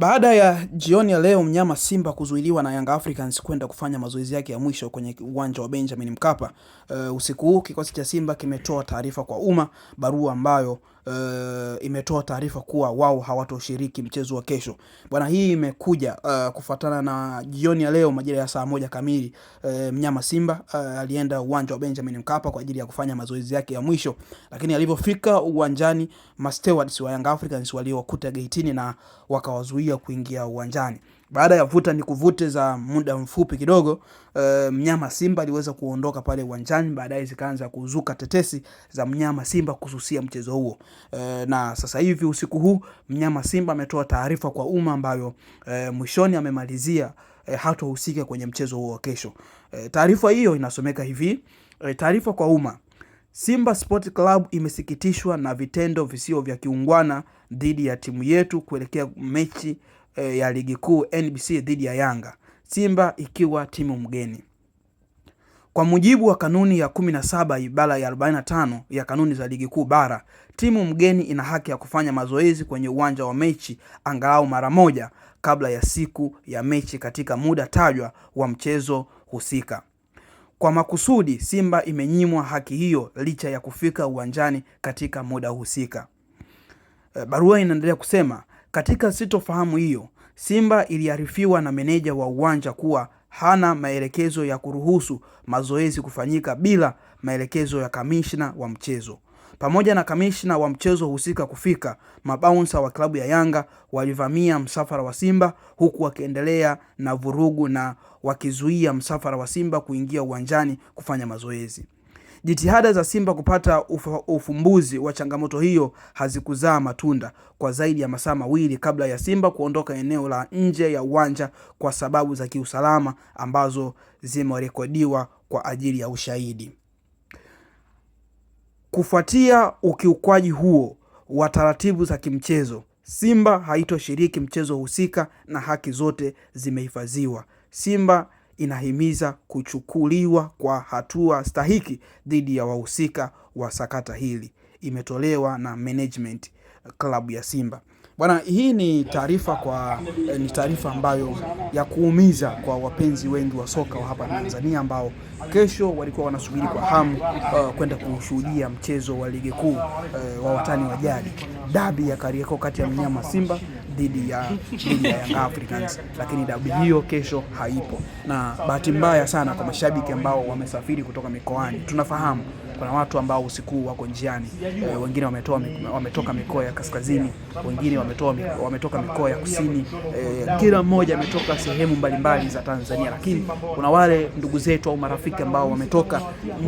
Baada ya jioni ya leo mnyama Simba kuzuiliwa na Young Africans kwenda kufanya mazoezi yake ya mwisho kwenye uwanja wa Benjamin Mkapa, uh, usiku huu kikosi cha Simba kimetoa taarifa kwa umma, barua ambayo uh, imetoa taarifa kuwa wao hawatoshiriki mchezo wa kesho bwana. Hii imekuja uh, kufuatana na jioni ya leo majira ya saa moja kamili uh, mnyama Simba uh, alienda uwanja wa Benjamin Mkapa kwa ajili ya kufanya mazoezi yake ya mwisho, lakini alivyofika uwanjani mastewards wa Young Africans waliowakuta gaitini na wakawazuia kuingia uwanjani. Baada ya vuta ni kuvute za muda mfupi kidogo, uh, mnyama Simba aliweza kuondoka pale uwanjani. Baadaye zikaanza kuzuka tetesi za mnyama Simba kususia mchezo huo. Uh, na sasa hivi usiku huu mnyama Simba ametoa taarifa kwa umma ambayo uh, mwishoni amemalizia uh, hatohusika kwenye mchezo huo kesho. Uh, taarifa hiyo inasomeka hivi uh, taarifa kwa umma Simba Sport Club imesikitishwa na vitendo visio vya kiungwana dhidi ya timu yetu kuelekea mechi eh, ya ligi kuu NBC dhidi ya Yanga, Simba ikiwa timu mgeni. Kwa mujibu wa kanuni ya 17 ibara ya 45 ya kanuni za ligi kuu bara, timu mgeni ina haki ya kufanya mazoezi kwenye uwanja wa mechi angalau mara moja kabla ya siku ya mechi katika muda tajwa wa mchezo husika. Kwa makusudi, Simba imenyimwa haki hiyo licha ya kufika uwanjani katika muda husika. Eh, barua inaendelea kusema katika sitofahamu hiyo, Simba iliarifiwa na meneja wa uwanja kuwa hana maelekezo ya kuruhusu mazoezi kufanyika bila maelekezo ya kamishna wa mchezo. Pamoja na kamishna wa mchezo husika kufika, mabaunsa wa klabu ya Yanga walivamia msafara wa Simba huku wakiendelea na vurugu na wakizuia msafara wa Simba kuingia uwanjani kufanya mazoezi. Jitihada za Simba kupata ufumbuzi wa changamoto hiyo hazikuzaa matunda kwa zaidi ya masaa mawili kabla ya Simba kuondoka eneo la nje ya uwanja kwa sababu za kiusalama ambazo zimerekodiwa kwa ajili ya ushahidi. Kufuatia ukiukwaji huo wa taratibu za kimchezo, Simba haitoshiriki mchezo husika na haki zote zimehifadhiwa. Simba inahimiza kuchukuliwa kwa hatua stahiki dhidi ya wahusika wa sakata hili. Imetolewa na management klabu ya Simba. Bwana, hii ni taarifa kwa eh, ni taarifa ambayo ya kuumiza kwa wapenzi wengi wa soka wa hapa Tanzania ambao kesho walikuwa wanasubiri kwa hamu uh, kwenda kushuhudia mchezo wa ligi kuu uh, wa watani wa jadi, dabi ya Kariakoo kati ya mnyama Simba dhidi ya dhidi ya Young Africans, lakini dabi hiyo kesho haipo, na bahati mbaya sana kwa mashabiki ambao wamesafiri kutoka mikoani, tunafahamu kuna watu ambao usiku wako njiani e, wengine wametoa, wametoka mikoa ya kaskazini, wengine wametoa, wametoka mikoa ya kusini e, kila mmoja ametoka sehemu mbalimbali za Tanzania, lakini kuna wale ndugu zetu au marafiki ambao wametoka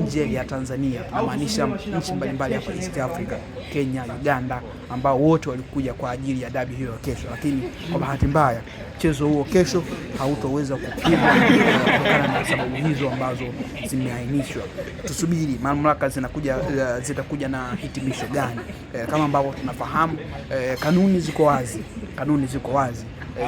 nje ya Tanzania, tunamaanisha nchi mbalimbali hapa East Africa, Kenya, Uganda, ambao wote walikuja kwa ajili ya dabi hiyo ya kesho, lakini kwa bahati mbaya mchezo huo kesho hautoweza kupigwa kutokana na sababu hizo ambazo zimeainishwa. Tusubiri mamlaka zinakuja eh, zitakuja na hitimisho gani. Eh, kama ambavyo tunafahamu eh, kanuni ziko wazi, kanuni ziko wazi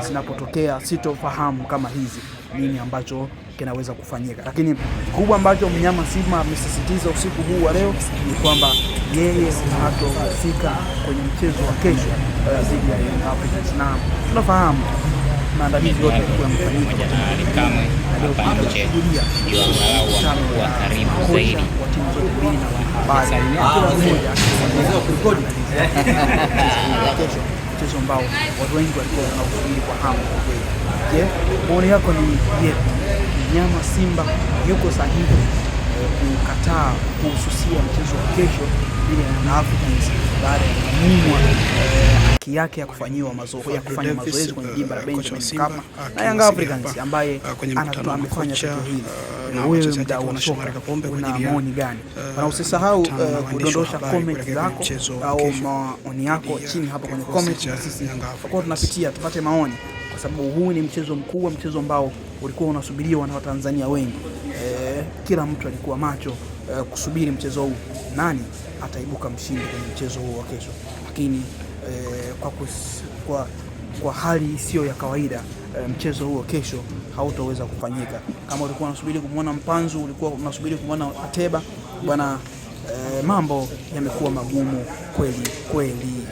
zinapotokea sitofahamu kama hizi nini ambacho kinaweza kufanyika, lakini kubwa ambacho mnyama Simba amesisitiza usiku huu wa leo ni kwamba yeye hatohusika kwenye mchezo wa kesho dhidi ya Young Africans, na tunafahamu maandalizi yote yamefanyika karibu zaidi wa timu zote mbili na kila mmoja kurekodi kesho, mchezo ambao watu wengi walikuwa kwa hamu kwa kweli. Je, maoni yako ni yepi? Mnyama Simba yuko sahihi eh, kukataa kuhususia mchezo wa kesho bila ya Africans baada ya kuumwa eh, haki yake ya kufanyiwa mazoezi ya kufanya mazoezi kwenye jimba la uh, Benjamin Mkapa uh, na Young Africans uh, ambaye amefanya kitu hili. Wewe mdau wa soka una maoni gani? Na usisahau kudondosha comment zako au maoni yako chini hapa kwenye comment, na sisi tutakuwa tunapitia tupate maoni, kwa sababu huu ni mchezo mkubwa, mchezo ambao ulikuwa unasubiriwa na Watanzania wengi. Eh, kila mtu alikuwa macho eh, kusubiri mchezo huu, nani ataibuka mshindi kwenye mchezo huu wa kesho, lakini Eh, kwa, kus, kwa, kwa hali isiyo ya kawaida e, mchezo huo kesho hautoweza kufanyika. Kama ulikuwa unasubiri kumwona Mpanzu, ulikuwa unasubiri kumwona Ateba bwana, e, mambo yamekuwa magumu kweli kweli.